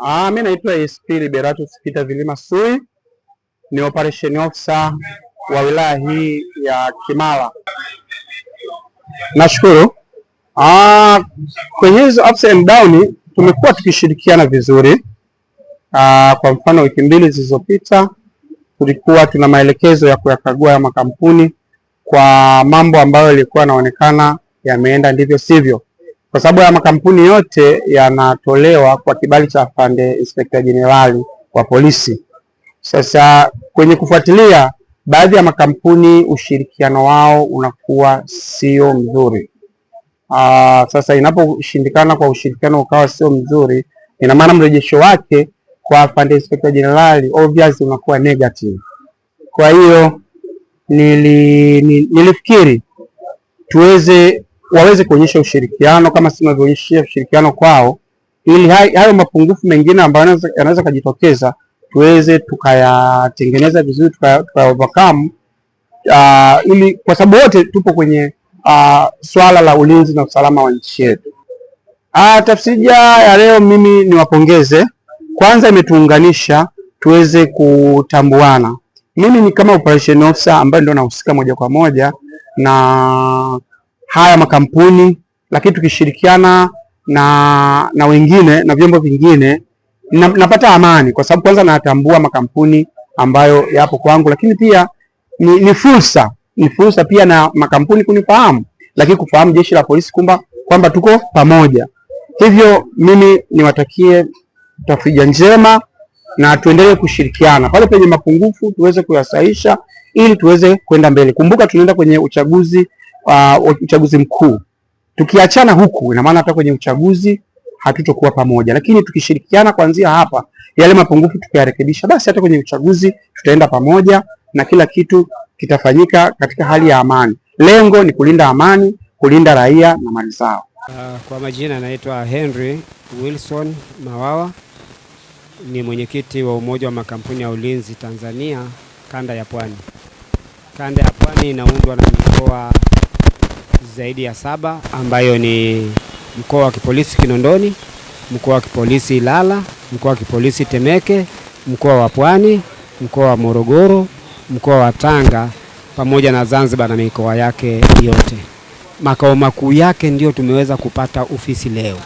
Ah, mimi naitwa ASP Liberatus Peter Vilima Sui, ni operation officer wa wilaya hii ya Kimara. Nashukuru. Ah, kwenye hizo ups and down tumekuwa tukishirikiana vizuri. Ah, kwa mfano wiki mbili zilizopita tulikuwa tuna maelekezo ya kuyakagua ya makampuni kwa mambo ambayo yalikuwa yanaonekana yameenda ndivyo sivyo kwa sababu haya makampuni yote yanatolewa kwa kibali cha afande inspekta jenerali wa polisi. Sasa kwenye kufuatilia, baadhi ya makampuni ushirikiano wao unakuwa sio mzuri. Aa, ah, sasa inaposhindikana kwa ushirikiano ukawa sio mzuri, ina maana mrejesho wake kwa afande inspekta jenerali obviously unakuwa negative. Kwa hiyo nili, nilifikiri tuweze waweze kuonyesha ushirikiano kama sisi tunavyoonyesha ushirikiano kwao, ili hayo mapungufu mengine ambayo yanaweza kujitokeza tuweze tukayatengeneza vizuri, tukayaovercome tukaya uh, ili kwa sababu wote tupo kwenye uh, swala la ulinzi na usalama wa nchi yetu. Uh, ah, tafsija ya leo mimi niwapongeze kwanza, imetuunganisha tuweze kutambuana. Mimi ni kama operation officer ambaye ndio nahusika moja kwa moja na haya makampuni, lakini tukishirikiana na na wengine na vyombo vingine na, napata amani kwa sababu kwanza natambua makampuni ambayo yapo kwangu, lakini pia ni, ni fursa ni fursa pia na makampuni kunifahamu, lakini kufahamu jeshi la polisi kumba kwamba tuko pamoja. Hivyo mimi niwatakie tafrija njema na tuendelee kushirikiana pale penye mapungufu tuweze kuyasaisha ili tuweze kwenda mbele. Kumbuka tunaenda kwenye uchaguzi uh, uchaguzi mkuu. Tukiachana huku, ina maana hata kwenye uchaguzi hatutokuwa pamoja, lakini tukishirikiana kuanzia hapa, yale mapungufu tukiyarekebisha, basi hata kwenye uchaguzi tutaenda pamoja na kila kitu kitafanyika katika hali ya amani. Lengo ni kulinda amani, kulinda raia na mali zao. Uh, kwa majina anaitwa Henry Wilson Mawawa, ni mwenyekiti wa Umoja wa Makampuni ya Ulinzi Tanzania, kanda ya Pwani. Kanda ya Pwani inaundwa na mikoa zaidi ya saba ambayo ni mkoa wa kipolisi Kinondoni, mkoa wa kipolisi Ilala, mkoa wa kipolisi Temeke, mkoa wa Pwani, mkoa wa Morogoro, mkoa wa Tanga pamoja na Zanzibar na mikoa yake yote. Makao makuu yake ndio tumeweza kupata ofisi leo.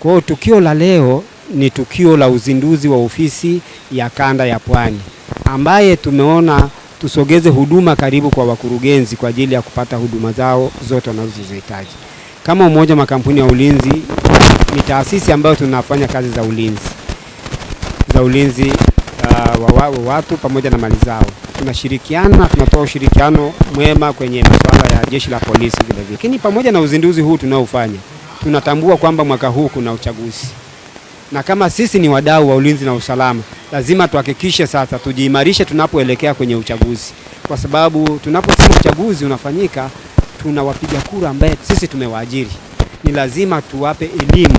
Kwa hiyo tukio la leo ni tukio la uzinduzi wa ofisi ya kanda ya Pwani ambaye tumeona tusogeze huduma karibu kwa wakurugenzi kwa ajili ya kupata huduma zao zote wanazozihitaji. Kama umoja makampuni ya ulinzi, ni taasisi ambayo tunafanya kazi za ulinzi za ulinzi uh, wa watu pamoja na mali zao. Tunashirikiana, tunatoa ushirikiano mwema kwenye masuala ya jeshi la polisi vile. lakini pamoja na uzinduzi huu tunaofanya tunatambua kwamba mwaka huu kuna uchaguzi na kama sisi ni wadau wa ulinzi na usalama, lazima tuhakikishe sasa tujiimarishe tunapoelekea kwenye uchaguzi, kwa sababu tunaposema uchaguzi unafanyika, tuna wapiga kura ambaye sisi tumewaajiri. Ni lazima tuwape elimu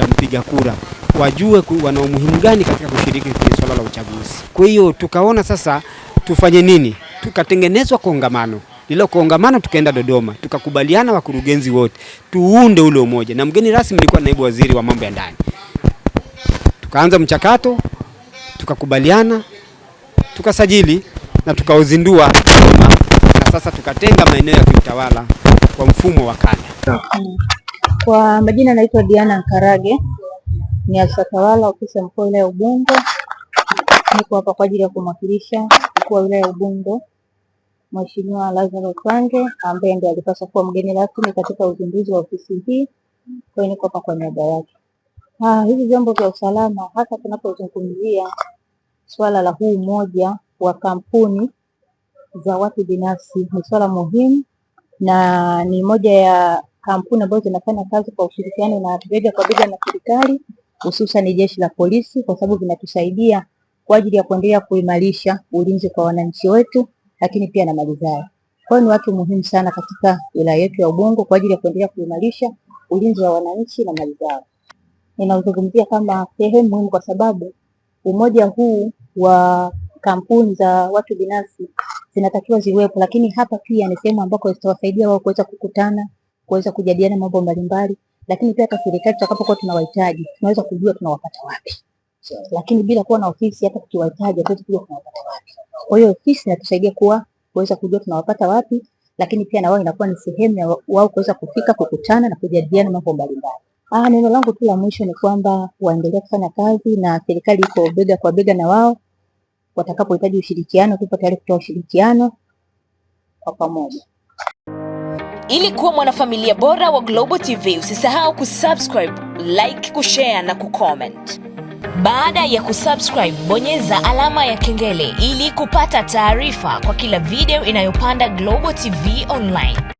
ya mpiga kura, wajue wana umuhimu gani katika kushiriki kwenye swala la uchaguzi. Kwa hiyo tukaona sasa tufanye nini? Tukatengenezwa kongamano lilo kongamano tukaenda Dodoma, tukakubaliana wakurugenzi wote tuunde ule umoja, na mgeni rasmi alikuwa naibu waziri wa mambo ya ndani tukaanza mchakato, tukakubaliana, tukasajili na tukauzindua, na sasa tukatenga maeneo ya kiutawala kwa mfumo wa kanda. Kwa majina naitwa Diana Nkarage, ni afisa tawala ofisi ya mkuu wa wilaya ya Ubungo. Niko hapa kwa ajili ya kumwakilisha mkuu wa wilaya ya Ubungo Mheshimiwa Lazaro Kwange ambaye ndiye alipaswa kuwa mgeni rasmi katika uzinduzi wa ofisi hii. Kwa hiyo niko hapa kwa niaba yake. Ah, hivi vyombo vya usalama hasa tunapozungumzia swala la huu umoja wa kampuni za watu binafsi ni swala muhimu, na ni moja ya kampuni ambazo zinafanya kazi kwa ushirikiano na bega kwa bega na serikali, hususan jeshi la polisi, kwa sababu vinatusaidia kwa ajili ya kuendelea kuimarisha ulinzi kwa wananchi wetu, lakini pia na mali zao. Kwa ni watu muhimu sana katika wilaya yetu ya Ubungo kwa ajili ya kuendelea kuimarisha ulinzi wa wananchi na mali zao ninauzungumzia kama sehemu muhimu, kwa sababu umoja huu wa kampuni za watu binafsi zinatakiwa ziwepo, lakini hapa pia ni sehemu ambako zitawasaidia wao kuweza kukutana, kuweza kujadiliana mambo mbalimbali, lakini pia hata serikali tutakapokuwa tunawahitaji tunaweza kujua tunawapata wapi, lakini bila kuwa na ofisi, hata tukiwahitaji hatuwezi kujua tunawapata wapi. Kwa hiyo ofisi inatusaidia kuwa kuweza kujua tunawapata wapi, lakini pia na wao inakuwa ni sehemu ya wao kuweza kufika, kukutana na kujadiliana mambo mbalimbali. Ah, neno langu tu la mwisho ni kwamba waendelee kufanya kazi na serikali iko bega kwa bega na wao. Watakapohitaji ushirikiano, tupo tayari kutoa ushirikiano kwa pamoja. Ili kuwa mwanafamilia bora wa Global TV, usisahau kusubscribe, like, kushare na kucomment. Baada ya kusubscribe, bonyeza alama ya kengele ili kupata taarifa kwa kila video inayopanda Global TV Online.